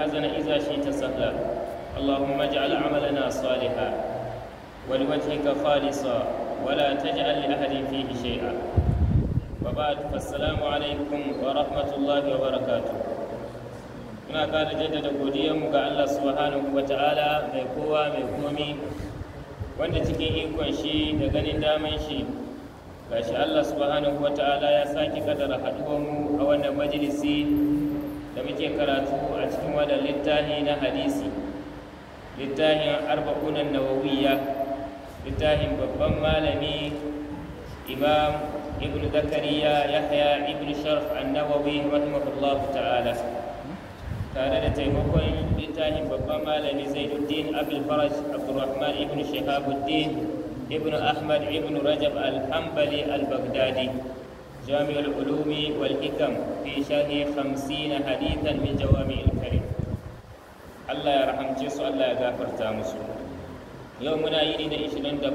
حزن إذا شئت سهلا اللهم اجعل عملنا صالحا ولوجهك خالصا ولا تجعل لأحد فيه شيئا وبعد فالسلام عليكم ورحمة الله وبركاته muna kada jaddada godiyarmu ga Allah subhanahu wa ta'ala mai kowa mai komi wanda cikin ikon shi da ganin daman shi gashi Allah subhanahu wa ta'ala ya sake kadara haɗuwarmu a wannan majalisi da muke karatu wannan littafi na hadisi littafin arba'unan nawawiyya littafin babban malami imam ibn zakariya yahya ibn sharf annawawi rahimahullah ta'ala tare da taimakon littafin babban malami zainuddin abul faraj abdurrahman ibn shahabuddin ibn ahmad ibn rajab al-hanbali al-baghdadi جامع العلوم والحكم في شرح خمسين حديثا من جوامع Allah ya rahamce su Allah ya gafarta musu yau muna yi ne da 27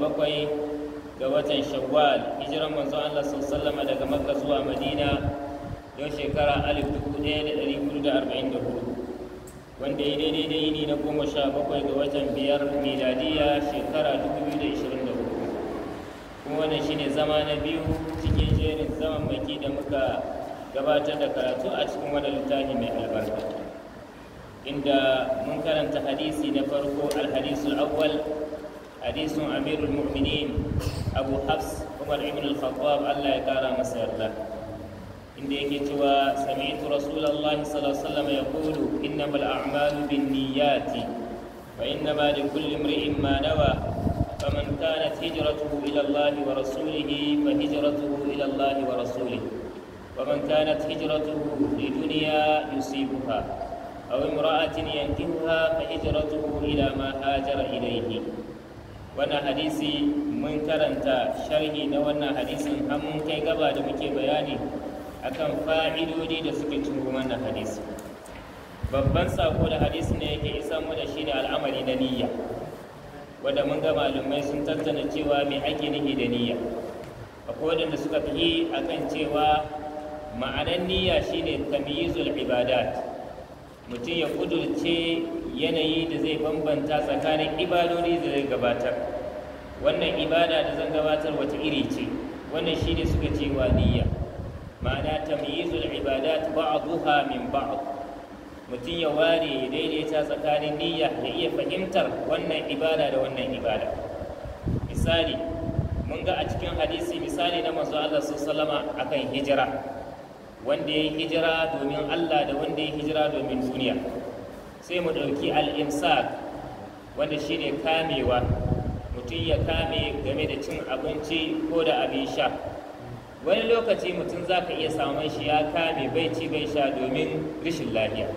ga watan shawwal hijiran manzo Allah sallallahu daga makka zuwa madina yau shekara 1444 wanda ya daidai da yini na 17 ga watan biyar miladiya shekara 2024 kuma wannan shine zama na biyu cikin jerin zaman maki da muka gabatar da karatu a cikin wannan littafi mai albarka inda mun karanta hadisi na farko alhadisul awwal hadisun amirul mu'minin abu hafs umar ibn al-khattab Allah ya kara masa yarda inda yake cewa sami'tu rasulullah sallallahu alaihi wasallam yaqulu innamal a'malu binniyati wa innama likulli imri'in ma nawa فمن كانت هجرته إلى الله ورسوله فهجرته إلى الله ورسوله ومن كانت هجرته لدنيا يصيبها أو امرأة ينكحها فهجرته إلى ما هاجر إليه wannan hadisi mun karanta sharhi na wannan hadisin har mun kai gaba da muke bayani akan fa'idodi da suke cikin wannan hadisi babban sako da hadisi ne yake isa mu da al'amari na niyya wanda mun ga malumai sun tattana cewa mai ake nufi da niyya akwai wadanda suka fi akan cewa ma'anan niyya shine tamyizul ibadat mutum ya kudurce yanayi da zai bambanta tsakanin ibadori da zai gabatar wannan ibada da zan gabatar wata iri ce wannan shi ne suka ce waliya ma'ana tamyizul ibadat ba'dhuha min ba'd mutum ya ware ya daidaita tsakanin niyya ya iya fahimtar wannan ibada da wannan ibada misali mun ga a cikin hadisi misali na manzo Allah sallallahu alaihi akan hijira wanda ya hijira domin Allah da wanda ya hijira domin duniya sai mu ɗauki al'imsak wanda shi ne kamewa mutum ya kame game da cin abinci ko da abin sha wani lokaci mutum za ka iya samun shi ya kame bai ci bai sha domin rashin lafiya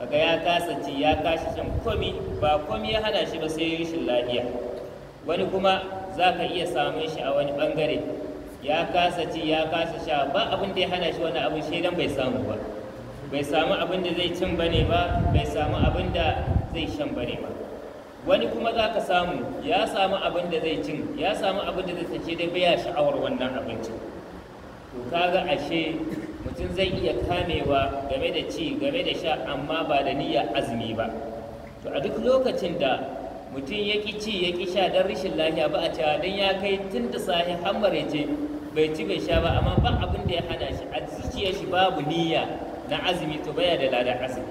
kaga ya kasa ci ya kashi shan komi ba komi ya hana shi ba sai rashin lafiya wani kuma za ka iya samun shi a wani bangare ya kasa ci ya kasa sha ba abin da ya hana shi wani abu shi dan bai samu ba bai samu abin da zai cin bane ba bai samu abin da zai shan bane ba wani kuma za ka samu ya samu abin da zai cin ya samu abin da zai tace dai bai sha'awar wannan abincin to kaga ashe mutum zai iya kamewa game da ci game da sha amma ba da niyya azumi ba to a duk lokacin da mutum ya ƙi ci ya ƙi sha don rashin lafiya ba a cewa don ya kai tun da sahi hammare marece bai ci bai sha ba amma ba abin da ya hada shi a zuciyar shi babu niyya na azumi to baya da ladan azumi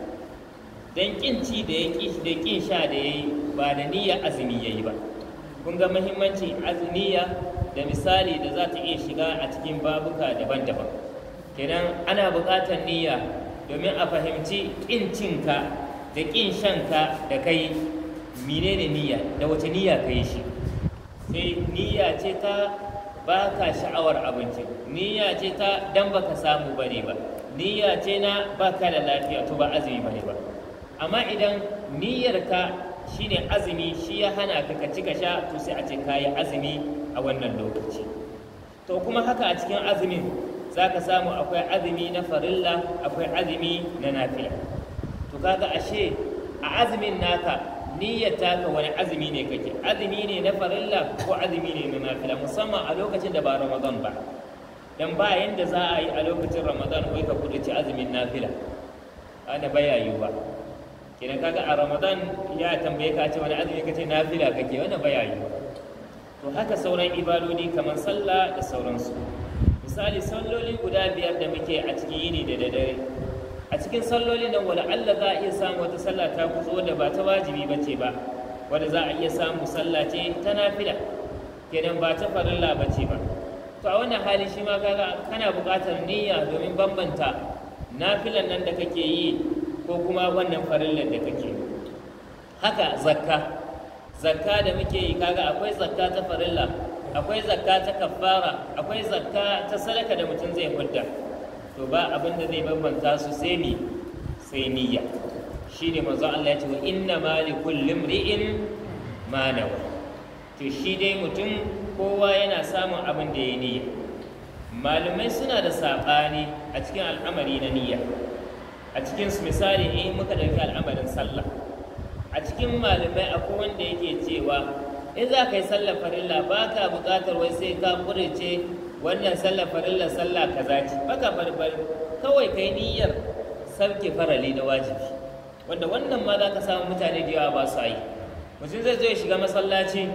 dan kin ci da ya ki da kin sha da yayi ba da niyya azumi yayi ba kun ga muhimmancin azniya da misali da za ta iya shiga a cikin babuka daban-daban kenan ana buƙatar niyya domin a fahimci ƙin cinka da ƙin shanka da kai menene niyya da wace niyya ka yi shi sai niyya ce ta ba ka sha'awar abinci. niyya ce ta dan ba ka samu ba ne ba niyya ce na baka da lafiya to ba azumi ba ne ba amma idan niyyarka ne azumi shi ya hana ka ka ci ka sha to sai a ce ka yi azumi a wannan lokaci to kuma haka a cikin azumin za ka samu akwai azumi na farilla akwai azumi na nafiya to kaga ashe a azumin naka niyyar taka wani azumi ne kake azumi ne na farilla ko azumi ne na nafila musamman a lokacin da ba ramadan ba dan ba yanda za a yi a lokacin ramadan wai ka kudaci azumin nafila ana baya yiwuwa Kina kaga a ramadan ya tambaye ka ce wani azumi kace nafila kake wannan baya to haka sauran ibadodi kamar sallah da sauransu misali salloli guda biyar da muke a cikin yini da daddare. a cikin salloli nan wani Allah za a iya samu wata sallah ta guzo da ba ta wajibi ba ce ba wadda za a iya samu sallah ce ta nafila kenan ba ta farilla ba ce ba to a wannan hali shi ma kaga kana buƙatar niyya domin bambanta nafilan nan da kake yi ko kuma wannan farillan da kake yi haka zakka zakka da muke yi kaga akwai zakka ta farilla akwai zakka ta kaffara akwai zakka ta sadaka da mutum zai hudda to ba abin da zai bambanta su sai ni sai niyya ne manzo Allah ya ce inna ma li kulli ma nawa to shi dai mutum kowa yana samun abin da ya niyya malamai suna da saɓani a cikin al'amari na niyya a cikin misali in eh, muka dauki al'amarin sallah a cikin malamai akwai wanda yake cewa in za ka yi sallar farilla ba ka buƙatar wai sai ka kurace wannan sallar farilla sallah kaza ce baka farfari kawai kai niyyar sarki farali na wajibi wanda wannan ma za ka samu mutane da yawa ba su yi mutum zai zo ya shiga masallaci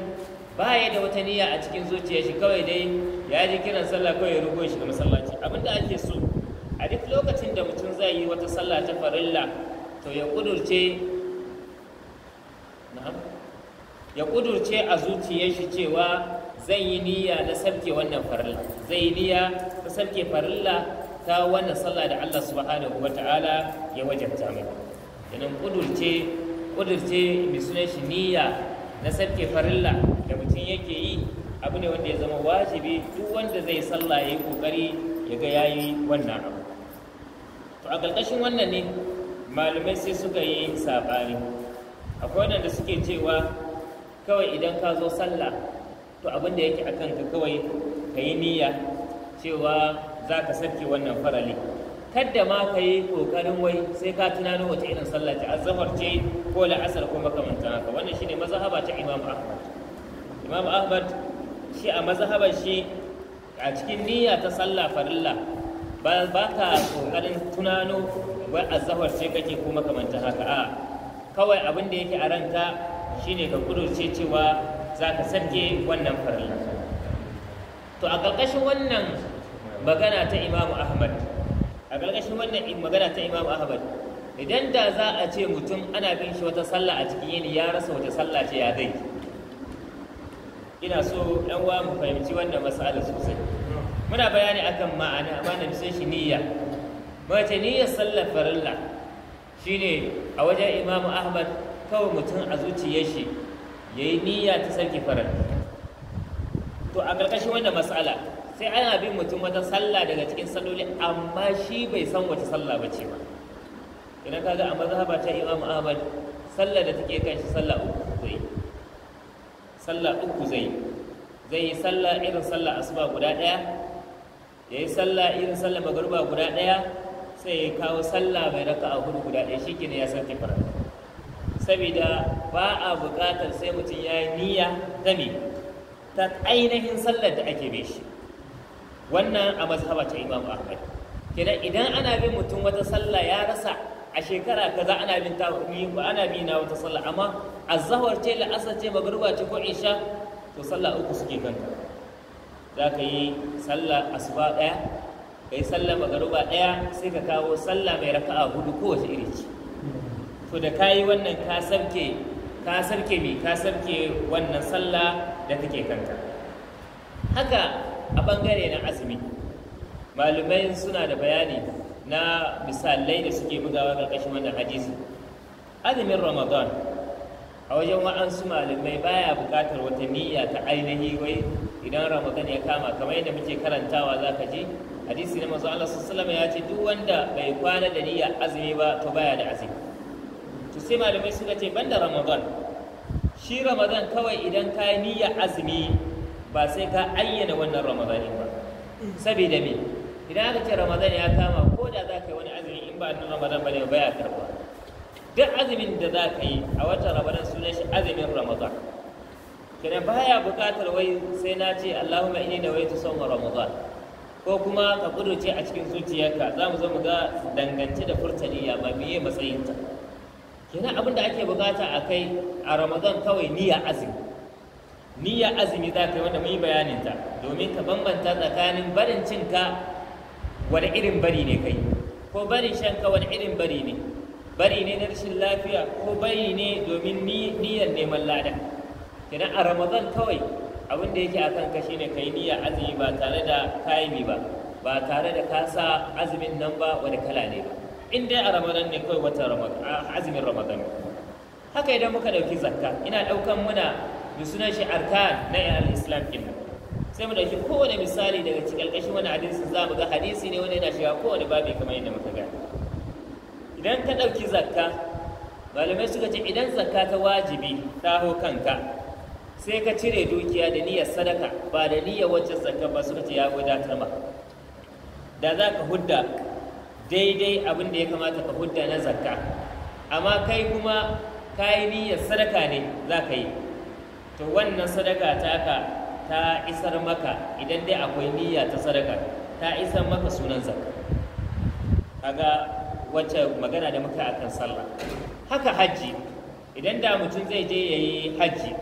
ba ya da wata niyya a cikin zuciya shi kawai dai ya ji kiran sallah kawai ya rugo shiga masallaci abinda ake so a duk lokacin da mutum zai yi wata sallah ta farilla to ya kudurce ya kudurce a zuciyar shi cewa zan yi niyya na sabke wannan farilla Zainiya ta sarki farilla ta wannan sallah da Allah subhanahu wa ta'ala ya wajabta mai idan kudurce kudurce mai suna shi niyya na sarki farilla da mutum yake yi abu ne wanda ya zama wajibi duk wanda zai sallah ya yi kokari ya ga ya yi wannan abu to a ƙarƙashin wannan ne malamai sai suka yi sabari akwai waɗanda suke cewa kawai idan ka zo sallah to abin da yake a kanka kawai ka yi niyya cewa za ka sarki wannan farali kadda ma ka yi ƙoƙarin wai sai ka tunanin wata irin sallah ta azhar ce ko la'asar ko makamantan haka wannan shine mazhaba ta Imam Ahmad Imam Ahmad shi a mazhaban shi a cikin niyya ta sallah farilla ba ka ƙoƙarin tunano wai azhar ce kake ko makamantan haka a kawai abin da yake a ranka shine ka kudurce cewa za ka sarke wannan farilla to a ƙarƙashin wannan magana ta imamu ahmad a ƙarƙashin wannan magana ta imamu ahmad idan da za a ce mutum ana bin shi wata sallah a cikin yini ya rasa wata sallah ce ya zai ina so ɗan wa mu fahimci wannan mas'ala sosai muna bayani akan ma'ana ma'anar sai shi niyya mace niyyar sallar farilla shine a wajen imamu ahmad kawai mutum a zuciyar shi ya yi niyya ta sarki farilla to a ƙarƙashin wannan matsala sai ana bin mutum wata sallah daga cikin salloli amma shi bai san wata sallah ba ce ba idan kaga a mazhaba ta imam ahmad sallah da take kan shi sallah uku zai sallah uku zai zai yi sallah irin sallah asuba guda ɗaya ya yi sallah irin sallah magariba guda ɗaya sai ya kawo sallah mai raka a hudu guda ɗaya shi ya san kifar saboda ba a buƙatar sai mutum ya yi niyya ta me ta ainihin sallar da ake bi shi wannan a mazhaba ta imam ahmad kenan idan ana bin mutum wata sallah ya rasa a shekara kaza ana bin ta ana bin na wata sallah amma azhar ce la'asar ce magruba ce ko isha to sallah uku suke kanta za ka yi sallah asuba ɗaya ka yi sallah magruba ɗaya sai ka kawo sallah mai raka'a hudu ko wace iri ce to da ka yi wannan ka sarke ka sarke mi ka sarke wannan sallah da kake kanka haka a ɓangare na azumi malumai suna da bayani na misalai da suke bugawa ƙarƙashin wannan hadisi azumin ramadan a wajen wa'ansu malumai baya buƙatar wata niyya ta ainihi wai idan ramadan ya kama kamar yadda muke karantawa za ka ji hadisi na masu Allah sallama ya ce duk wanda bai kwana da niyya azumi ba to baya da azumi to sai malamai suka ce banda ramadan shi ramadan kawai idan ka yi niyyar azumi ba sai ka ayyana wannan ramadanin ba saboda me idan aka ce ramadan ya kama ko da za ka yi wani azumi in ba annan ramadan ba ne ba ya karba duk azumin da za ka yi a watan ramadan sunan shi azumin ramadan kenan baya buƙatar wai sai na ce allahumma inni da waitu sawma ramadan ko kuma ka kuduce a cikin zuciyarka za mu zo mu ga dangance da furtaniya ba miye matsayinta kenan abin da ake bukata a kai a ramadan kawai niyya azumi niyya azumi za ka yi wanda mun bayanin ta domin ka bambanta tsakanin barin cinka wani irin bari ne kai ko barin shanka wani irin bari ne bari ne na rashin lafiya ko bari ne domin niyyar neman lada kenan a ramadan kawai abin da yake akan kanka shine kai niyya azumi ba tare da kayi ba ba tare da kasa azumin nan ba wani kala ne ba in dai a ramadan ne kawai wata azumin ramadan haka idan muka ɗauki zakka ina ɗaukan muna da shi arkan na yan islam ɗin sai mu ɗauki kowane misali daga cikin ƙarƙashin wani hadisi za mu ga hadisi ne wanda yana shiga kowane babi kamar yadda muka gani idan ka ɗauki zakka malamai suka ce idan zakka ta wajibi ta hau kanka sai ka cire dukiya da niyyar sadaka ba da niyyar wacce zakka ba suka ce ya gudatar ma da za ka hudda daidai abin da ya kamata ka hudda na zakka amma kai kuma ka yi niyyar sadaka ne za ka yi to wannan sadaka taka ta isar maka idan dai akwai niyya ta sadaka ta isar maka sunan zakka kaga wacce magana da muka akan sallah haka hajji idan da mutum zai je ya yi hajji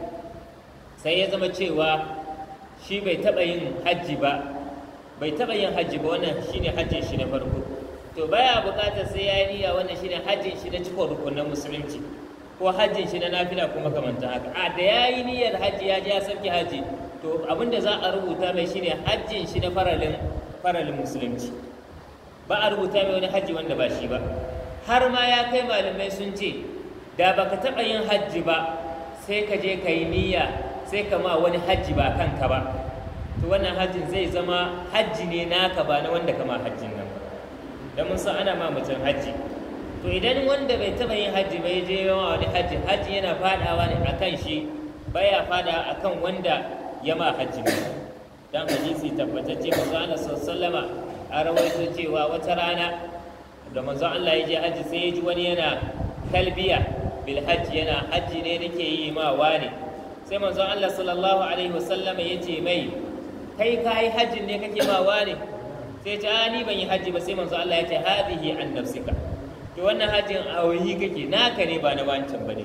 sai ya zama cewa shi bai taɓa yin hajji ba bai taɓa yin hajji ba wannan shine hajjin shi na farko to baya buƙatar sai ya yi niyya wannan shine hajjin shi na cikon rukunin musulunci ko hajjin shi na nafila kuma kamanta haka a da ya yi niyyar hajji ya je ya sauke hajji to abin da za a rubuta mai shine hajjin shi na faralin faralin musulunci ba a rubuta mai wani hajji wanda ba shi ba har ma ya kai malamai sun ce da baka taɓa yin hajji ba sai ka je ka yi niyya sai ka ma wani hajji ba kanka ba to wannan hajjin zai zama hajji ne naka ba na wanda kama hajjin nan ba don mun san ana ma mutum hajji to idan wanda bai taɓa yin hajji bai je yawa wani hajji hajji yana faɗawa ne akan shi baya faɗa akan wanda ya ma hajji ne dan hadisi tabbatacce manzo Allah sallama a rawaito cewa wata rana da manzo Allah ya je hajji sai ya ji wani yana kalbiya bil hajji yana hajji ne nake yi ma wani sai manzo Allah sallallahu alaihi wasallama ya ce mai kai kai hajjin ne kake ma wani sai ta ni ban yi hajji ba sai manzo Allah ya ce hadihi an nafsika to wannan hajjin a wayi kake naka ne ba na wancan ba ne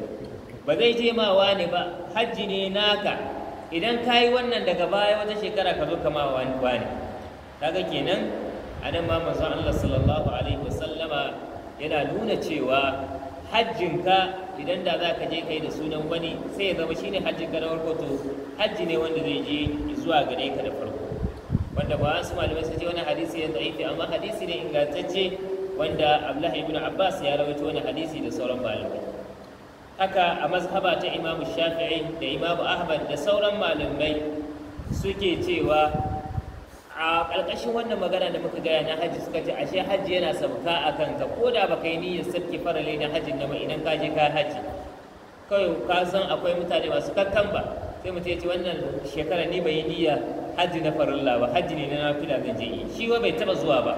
ba zai je ma wani ba hajji ne naka idan ka yi wannan daga baya wata shekara ka zo ka ma wani wani kaga kenan a nan ma manzo Allah sallallahu alaihi wasallama yana nuna cewa hajjin ka idan da za ka je ka yi da sunan wani sai ya zama shine hajjinka na farko to hajji ne wanda zai je zuwa gare ka da farko wanda ba wasu malamai suka ce wani hadisi ya da'ifi amma hadisi ne ingantacce wanda abdullahi ibn abbas ya rawaito wani hadisi da sauran malamai haka a mazhaba ta imamu shafi'i da imamu ahmad da sauran malamai suke cewa a ƙarƙashin wannan magana da muka gaya na hajji suka ce ashe hajji yana sauka a kanka ko da baka yi niyyar sarki farale na hajjin na idan ka je ka hajji kawai ka san akwai mutane masu kakkan ba sai mutum ya ce wannan shekara ni bai yi niyya hajji na farilla ba hajji ne na nafila zan je yi shi wa bai taba zuwa ba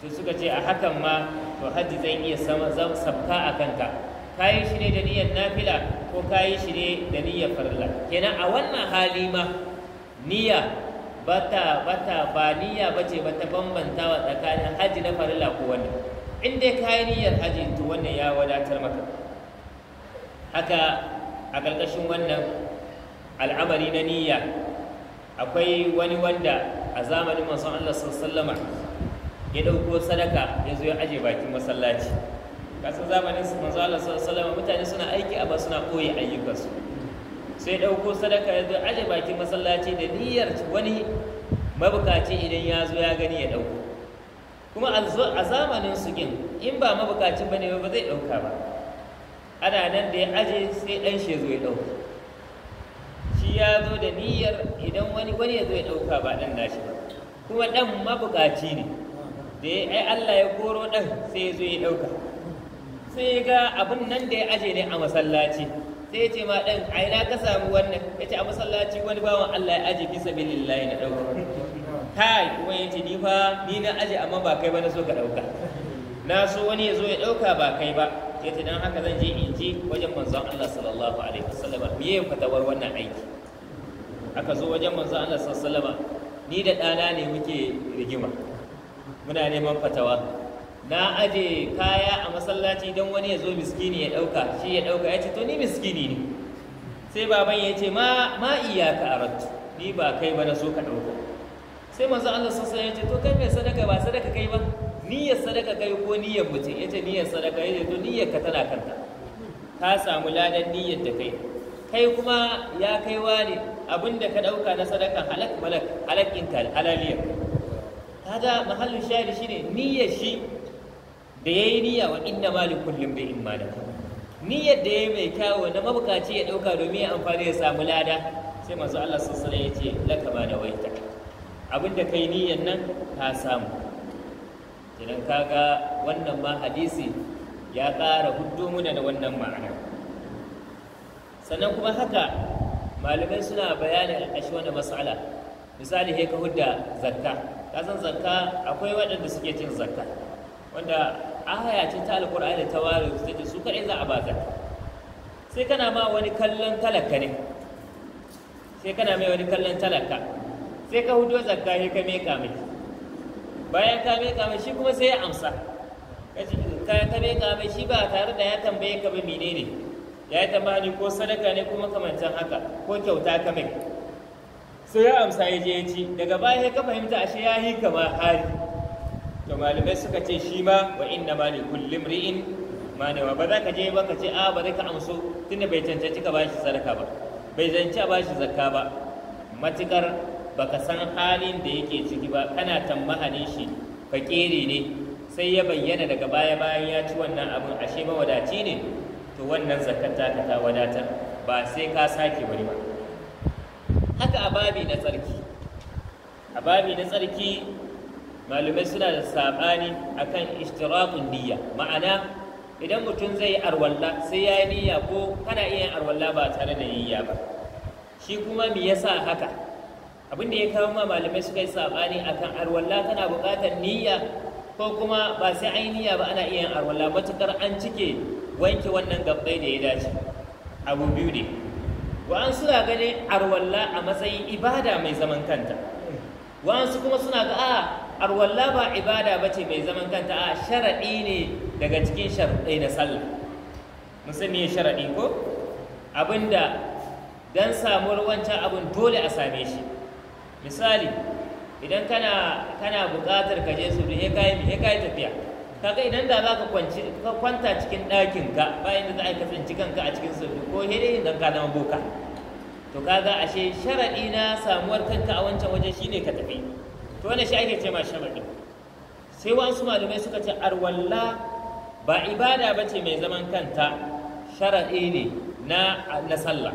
to suka ce a hakan ma to hajji zan iya zan sabka a kanka kayi shi ne da niyyar nafila ko kayi shi ne da niyyar farilla kenan a wannan hali ma niyya bata bata ba niyya bace bambanta wa tsakanin hajji na farilla ko wani. in dai kayi niyyar hajji to wannan ya wadatar maka haka a ƙarƙashin wannan al'amari na niyya akwai wani wanda a zamanin masu Allah sallama ya dauko sadaka ya zo ya aje bakin masallaci kasan zamanin masu Allah sallama mutane suna aiki a suna koyi ayyukansu sai dauko sadaka ya zo aje bakin masallaci da niyyar wani mabukaci idan ya zo ya gani ya dauko. kuma a zamanin su gin in ba mabukacin ba ne ba zai ɗauka ba ana nan da ya aje sai ɗan shi zo ya dauko. ya zo da niyyar idan wani wani ya zo ya ɗauka ba ɗan nashi ba kuma ɗan mabukaci ne da ya ai Allah ya koro ɗan sai ya zo ya ɗauka sai ga abin nan da ya aje ne a masallaci sai ce ma ɗan "Ai na ka samu wannan ya ce a masallaci wani bawan Allah ya aje bisa billahi na ɗauka kai kuma ya ce ni fa ni na aje amma ba kai ba na so ka ɗauka na so wani ya zo ya ɗauka ba kai ba ya ce don haka zan je in ji wajen manzon Allah sallallahu alaihi wasallam me ya fatawar wannan aiki aka zo wajen manzo Allah sallallahu ni da ɗana ne muke rigima muna neman fatawa na aje kaya a masallaci don wani ya zo miskini ya ɗauka shi ya ɗauka ya ce to ni miskini ne sai baban ya ce ma ma iyaka arattu ni ba kai ba na so ka ɗauka sai manzo Allah sallallahu ya ce to kai mai sadaka ba sadaka kai ba niyyar sadaka kai ko niyyar mutum ya ce niyyar sadaka ya ce to niyyar ka tana kanta ka samu ladan niyyar da kai kai kuma ya kaiwa ne abin da ka ɗauka na sadaka halak malak halakin ka halaliya kaga mahallin shahidi shine niyyar shi da yayi niyya wa inna mali kullum bi imma da niyyar da yayi mai kyawu na mabukaci ya ɗauka domin ya amfani ya samu lada sai manzo Allah sallallahu alaihi wasallam ya ce laka da waita abin da kai niyyar nan ka samu idan ka ga wannan ma hadisi ya ƙara huddo muna da wannan ma'ana sannan kuma haka malamai suna bayani a ƙashi wani matsala misali he ka hudda zakka kasan zakka akwai waɗanda suke cin zakka wanda a ce ta alƙur'ani ta ware su ce su kaɗai za a ba zakka sai kana ma wani kallon talaka ne sai kana mai wani kallon talaka sai ka hudo zakka he ka meka mai bayan ka meka mai shi kuma sai ya amsa ka meka mai shi ba tare da ya tambaye ka ba menene ne ya yi tamani ko sadaka ne ko makamantan haka ko kyauta ka mai sai ya amsa ya je ya ci daga baya ya ka fahimta ashe ya yi kama hari to malamai suka ce shi ma wa inna ma li kullum ri'in? ma ne ba za ka je ba ka ce a ba zai ka amso tunda bai cancanci ka bashi sadaka ba bai zanci a bashi zakka ba matukar baka san halin da yake ciki ba kana tambahanin shi fakiri ne sai ya bayyana daga baya bayan ya ci wannan abin ashe mawadaci ne to wannan zakar taka ta wadatar ba sai ka sake wani ba haka a babi na tsarki a babi na tsarki malumai suna da saɓani akan ishtirakun niyya ma'ana idan mutum zai yi arwalla sai ya yi niyya ko kana iya yin arwalla ba tare da niyya ba shi kuma me yasa haka abin da ya kawo ma malamai suka yi saɓani akan arwalla tana buƙatar niyya ko kuma ba sai an yi niyya ba ana iya yin arwalla matuƙar an cike wanke wannan gabbai da ya dace abu biyu ne wa'an suna ganin arwalla a matsayin ibada mai zaman kanta wa'ansu kuma suna ga a arwalla ba ibada ba ce mai zaman kanta a sharaɗi ne daga cikin sharaɗai na sallah musulmi ya sharaɗi ko abinda don samuwar wancan abin dole a same shi misali idan kana kana buƙatar ka je su da ya kayi tafiya kaga idan da za ka kwanta cikin ɗakin ka bayan da za a kasance kanka a cikin sabbi ko hede dan ka zama boka to kaga ashe sharaɗi na samuwar kanka a wancan waje shine ka tafi to wannan shi ake ce ma sharaɗi sai wasu malamai suka ce arwalla ba ibada ba ce mai zaman kanta sharaɗi ne na na sallah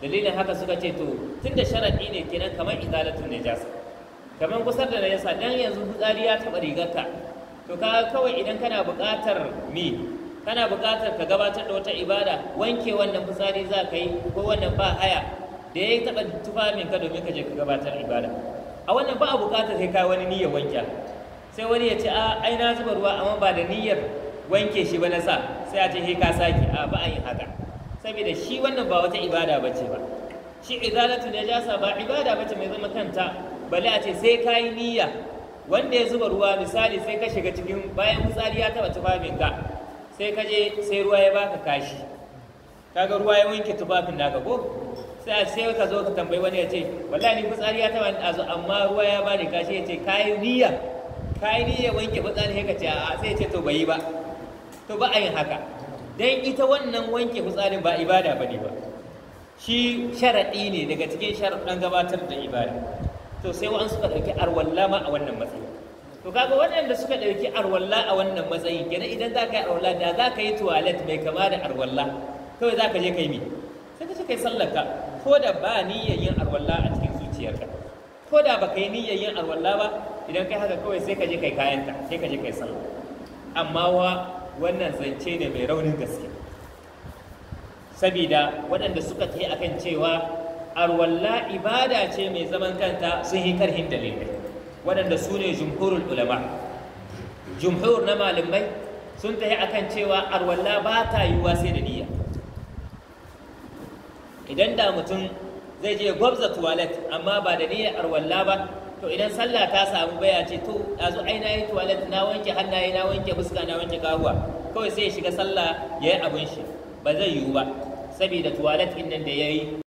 dalilin haka suka ce to tunda sharaɗi ne kenan kamar izalatun najasa kamar kusar da najasa dan yanzu fitsari ya taɓa rigarka to ka kawai idan kana buƙatar me kana buƙatar ka gabatar da wata ibada wanke wannan fitsari za ka yi ko wannan ba haya da ya taɓa tufafin ka domin ka je ka gabatar ibada a wannan ba a buƙatar sai ka wani niyyar wanke sai wani ya ce a ai na zuba ruwa amma ba da niyyar wanke shi ba na sa sai a ce sai ka sake a ba a yin haka saboda shi wannan ba wata ibada ba ce ba shi izalatu jasa ba ibada ba ce mai zama kanta bale a ce sai ka yi niyya wanda ya zuba ruwa misali sai ka shiga cikin bayan fitsari ya taba ka sai ka je sai ruwa ya baka kashi kaga ruwa ya wanke tufafin naka ko sai sai ka zo ka tambayi wani ya ce wallahi ni fitsari ya taba azu amma ruwa ya bani kashi ya ce kayi niyya kayi niyya wanke fitsari sai ka ce a sai ya ce to bai ba to ba a yin haka dan ita wannan wanke fitsarin ba ibada bane ba shi sharaɗi ne daga cikin sharadin gabatar da ibada to sai wa'an suka ɗauki arwalla ma a wannan matsayi to kaga waɗanda suka ɗauki arwalla a wannan matsayi gina idan za ka yi arwalla da za ka yi tuwalet mai kama da arwalla kawai za ka je ka yi mi sai ka ce ka yi sallarka ko da ba niyyar yin arwalla a cikin zuciyarka ko da ba ka yi niyyar yin arwalla ba idan kai haka kawai sai ka je kai kayanta sai ka je kai sallar amma wa wannan zance ne mai raunin gaske sabida waɗanda suka ta akan cewa arwalla ibada ce mai zaman kanta sun yi karhin dalilai waɗanda su ne jumhurul ulama jumhur na malamai sun tafi akan cewa arwalla ba ta yiwuwa sai da niyya idan da mutum zai je gwabza tuwalet amma ba da niyyar arwalla ba to idan sallah ta samu baya ce to yanzu ai na yi tuwalet na wanke hannaye na wanke fuska na wanke kahuwa kawai sai ya shiga sallah ya yi abin shi ba zai yiwu ba saboda tuwalet ɗin nan da ya yi